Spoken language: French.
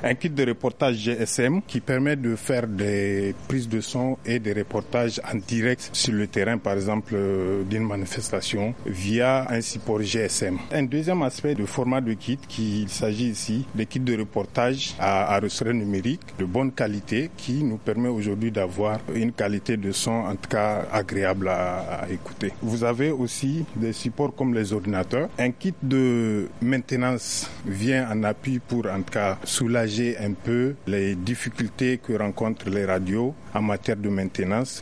Un kit de reportage GSM qui permet de faire des prises de son et des reportages en direct sur le terrain, par exemple, euh, d'une manifestation via un support GSM. Un deuxième aspect de format de kit qu'il s'agit ici, des kits de reportage à, à numérique de bonne qualité qui nous permet aujourd'hui d'avoir une qualité de son en tout cas agréable à, à écouter. Vous avez aussi des supports comme les ordinateurs. Un kit de maintenance vient en appui pour en tout cas soulager un peu les difficultés que rencontrent les radios en matière de maintenance